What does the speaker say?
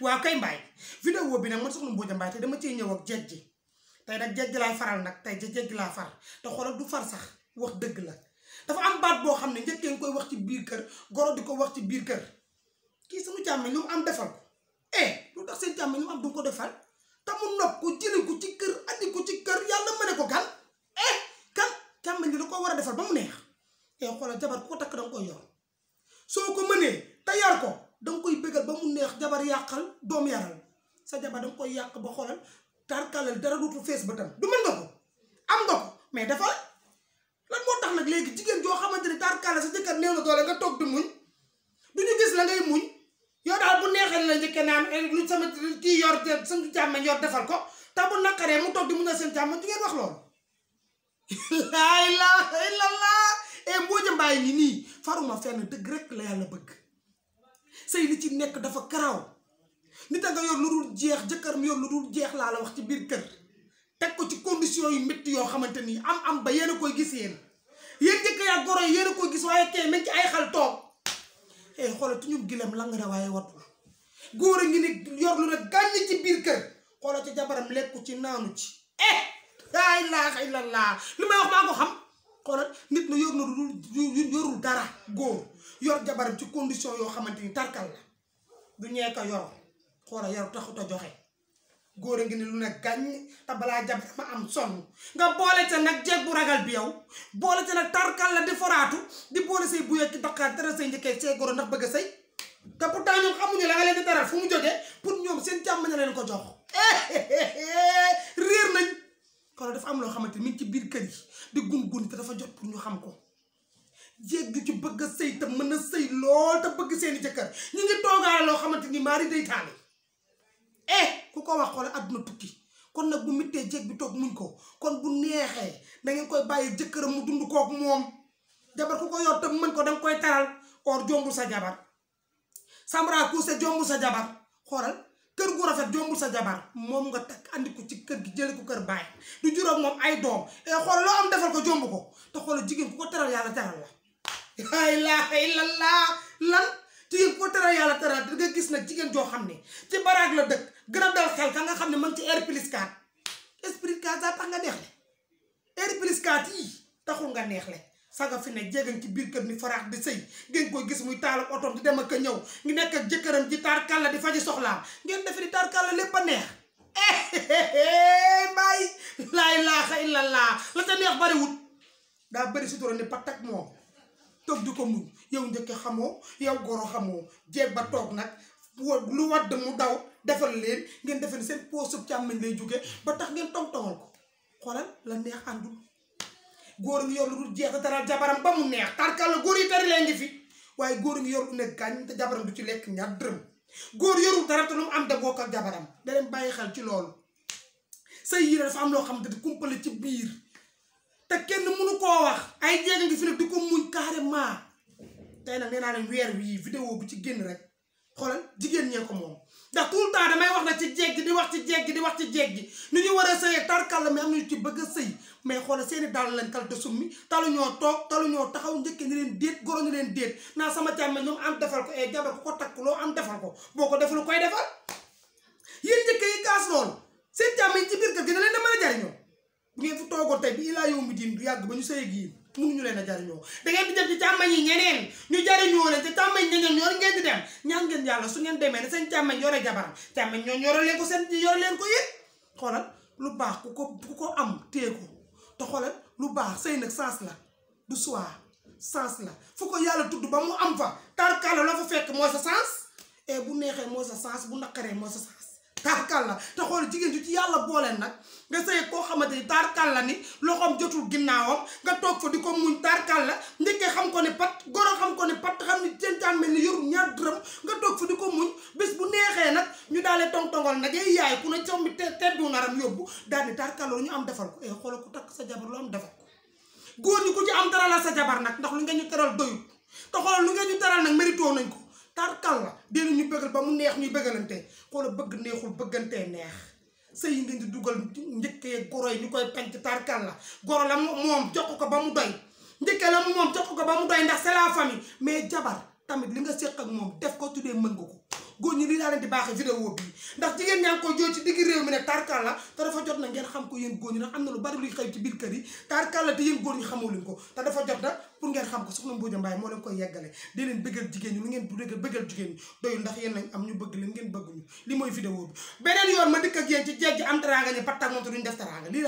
waaw kay mbaay vidéo bi nag man soxna Mbodia Mbaye te dama cee ñëw ak jeej ji tey nag jeej ji laay faral nag tey jeej ji laa far te xoolal du far sax wax dëgg la dafa am baat boo xam ne njëkkee nga koy wax ci biir kër goro di ko wax ci biir kër kii suñu jàmm lu am defal ko eh jàmm lu mu am du ko defal te mu nopp ko jëlee ko ci kër andi ci kër yàlla mëne ko gan eh kan jàmm li da ko war a defal ba mu neex eh xoolal jabar ku takk danga koy yor soo ko mënee te yar ko danga koy bëggal ba mu neex jabar yàqal doom yaral sa jabar danga koy yàq ba xoolal tarkalal dara dutul fees ba tam du mën nga ko am nga ko mais dafa lan moo tax nag léegi jigéen joo xamante ne tarkalal sa jëkkër néew na nga toog di muñ du ñu gis la ngay muñ yow daal bu naan eh, lu sama kii yor seen càmmañ yor defal ko te bu naqaree mu toog di muñ a seen càmmañ du ngeen wax loolu laa ilaaha illallaah e eh, mboo jëmbaay ni nii faruma fenn dëgg rek la yàlla bëgg sëy li ci nekk dafa karaw nit a nga yor lu dul jeex jëkkër mu yor lu dul jeex laa la wax ci biir kër teg ko ci condition yu métti yoo xamante ni am am ba yéen a koy gis yéen yéen jëkkër yaa goro yéen a koy gis waaye kee nañ ci ay xal toog eh xoolal tu ñu gilam lang na waaye watul góor ngi ne yor lu ne gàññ ci biir kër xoolal ci jabaram lekku ci naanu ci eh laa ilaaha illallaah li may wax maa ko xam xoolal nit la yor na du yorul dara góor yor jabaram ci condition yoo xamante ni tarkal la du ñee ko yor xoolal yor taxut a joxe góor a ngi ni lu ne gàññ te balaa jabarama am sonn nga boole ca nag jeeg bu ragal bi yow boole ca nag tarkal la di foraatu di boole say buyee ki daqaar dara say njëkkee see goro ndax bëgg a sëy te pourtant ñoom xamuñu la nga leen di dara fu mu jógee pour ñoom seen jàmm na leen ko jox eh, eh, eh, réer nañ wala dafa am loo xamante ni ci biir kër yi di gun gun te dafa jot pour ñu xam ko jéeg ju ci bëgg a sëy te mën na sëy lool te bëgg seeni jëkkër ñu ngi toogaale loo xamante ni maari day taale eh, ku ko wax xoolal àdduna tukki kon nag bu mittee jéeg bi toog muñ ko kon bu neexee da ngeen koy bàyyi jëkkëram mu dund kook moom jabar ku ko yor te mën ko danga koy taral or jombu sa jabar samra sa jombu sa jabar xoolal kër gu rafet jombul sa jabar moom nga takk andi ko ci kër gi jële ko kër bàyyi du juróom moom ay doom eh, xool loo am defal ko jomb ko te xool jigéen ku ko teral yàlla teral la laa ilaaha illallaah lan jigéen ku ko teral yàlla teral da nga gis nag jigéen joo xam ne ci baraag la dëkk gën a dal xel ka nga xam ne man ci air plus 4 esprit 4 saa tax nga neex le air plus 4 yii taxul nga neex saga fi ne jegañ ci biir kër ni faraax di sëy ngeen koy gis muy taal otom di dem ak a ñëw ngi nekk jëkkëram ji taar kàlla di faji soxlaa ngeen defe di taar kàlla lépp a neex bàyyi eh, laa la ca neex bariwut daa bari sutura ni patak moom toog di ko muñ yow njëkk xamoo yow goro xamoo jeeg ba toog nag lu wadd mu daw defal leen ngeen defe ni seen poosub càmmañ lay jóge ba tax ngeen tong tongal ko xoolal la neex àndul góor ngi yor lu dul jeex tara jabaram ba mu neex tarkalla góor yi tari leen ngi fi waaye góor ngi yor lu nekk gaañ te jabaram du ci lekk ñaar dërëm góor yorul dara te mu am da bokk jabaram da leen bàyyi xel ci loolu say yére dafa am loo xam ne kumpale ci biir te kenn mënu koo wax ay a ngi fi ne di ko muñ carrément tey nag nee naa leen weer wii vidéo bu ci génn rek xoolal jigéen ñee ko moom ndax tout le temps damay wax na ci jeeg jéggi di wax ci jéggi di wax ci jéggi nu ñu war a sëyee tarkalla mais am nañu ci bëgg a sëy mais xoolal seeni daal lañ kal te summi talu ñoo toog talu taxaw njëkke ni déet goro leen déet naa sama càmme ñoom am defal ko e jabar ko ko takk loo am defal ko boo ko deful koy defal yéen njëkk yi kaas loolu seen càmme ci biir kër gi na leen da mën a jariñoo bu ngeen fi toogoo tey bi ilaa yow mi diin du yàgg ba ñu sëyee gi mënuñu leen a jariñoo da ngeen di def ci càmmañ yi ñeneen ñu jariñoo leen te càmmañ ñeneen ñoo ngeen di dem ñaan ngeen yàlla su ngeen demee ne seen càmmañ yore jabaram càmmañ ñoo yore leen ko seen yore leen ko yéen xoolal lu baax ku ko ku ko am téye ko te xoolal lu baax sëy nag sens la du soir sens la fu ko yàlla tudd ba mu am fa tarkala la fa fekk mooy sa sens et bu neexee mooy sa sens bu naqaree mooy sa sens taarkal la te xool jigéen ju ci yàlla booleen nag nga sëy koo xamante ni taarkal la ni loxoom jotul ginnaawam nga toog fa di ko muñ taarkal la njëkkee xam ko ne pat goro xam ko ne pat xam ni jëntaan mel ni nga toog fa di ko muñ bés bu neexee nag ñu daalee tongtongal nag yay yaay ku ne cam bi teddu naram yóbbu daal ni taarkal la ñu am defal ko e eh, xoola ku takk sa jabar lu am defal ko góor ñi ku ci am dara la sa jabar nag ndax lu nga ñu teral doyut te xoolal lu nga ñu teral nag mérito nañ ko tarkal la dee ñu bëggal ba mu neex ñuy bëggalante xoola bëgg neexul bëggante neex sëy yi ngeen dugal njëkkee goro yi ñu koy penc tarkal la goro la moom jox ko ba mu doy njëkkee la moom jox ko ba mu doy ndax c'est la famille mais jabar tamit li nga séq ak moom def ko tuddee mën nga ko góor ñi lii laa leen di baaxee vidéo bi ndax jigéen ñaa ngi koy jooy ci digg réew mi ne tarkal la te dafa jot na ngeen xam ko yéen góor ñi ndax am na lu bari luy xew ci biir kër yi tarkal la te yéen góor ñi xamoo leen ko te dafa jot na pour ngeen xam ko soxna Mbodia Mbaye moo leen koy yeggale di leen bëggal jigéen ñi lu ngeen bëggal jigéen ñi doyul ndax yéen am ñu bëgg leen ngeen bëgg li mooy vidéo bi beneen yoon ma dikk ak yéen ci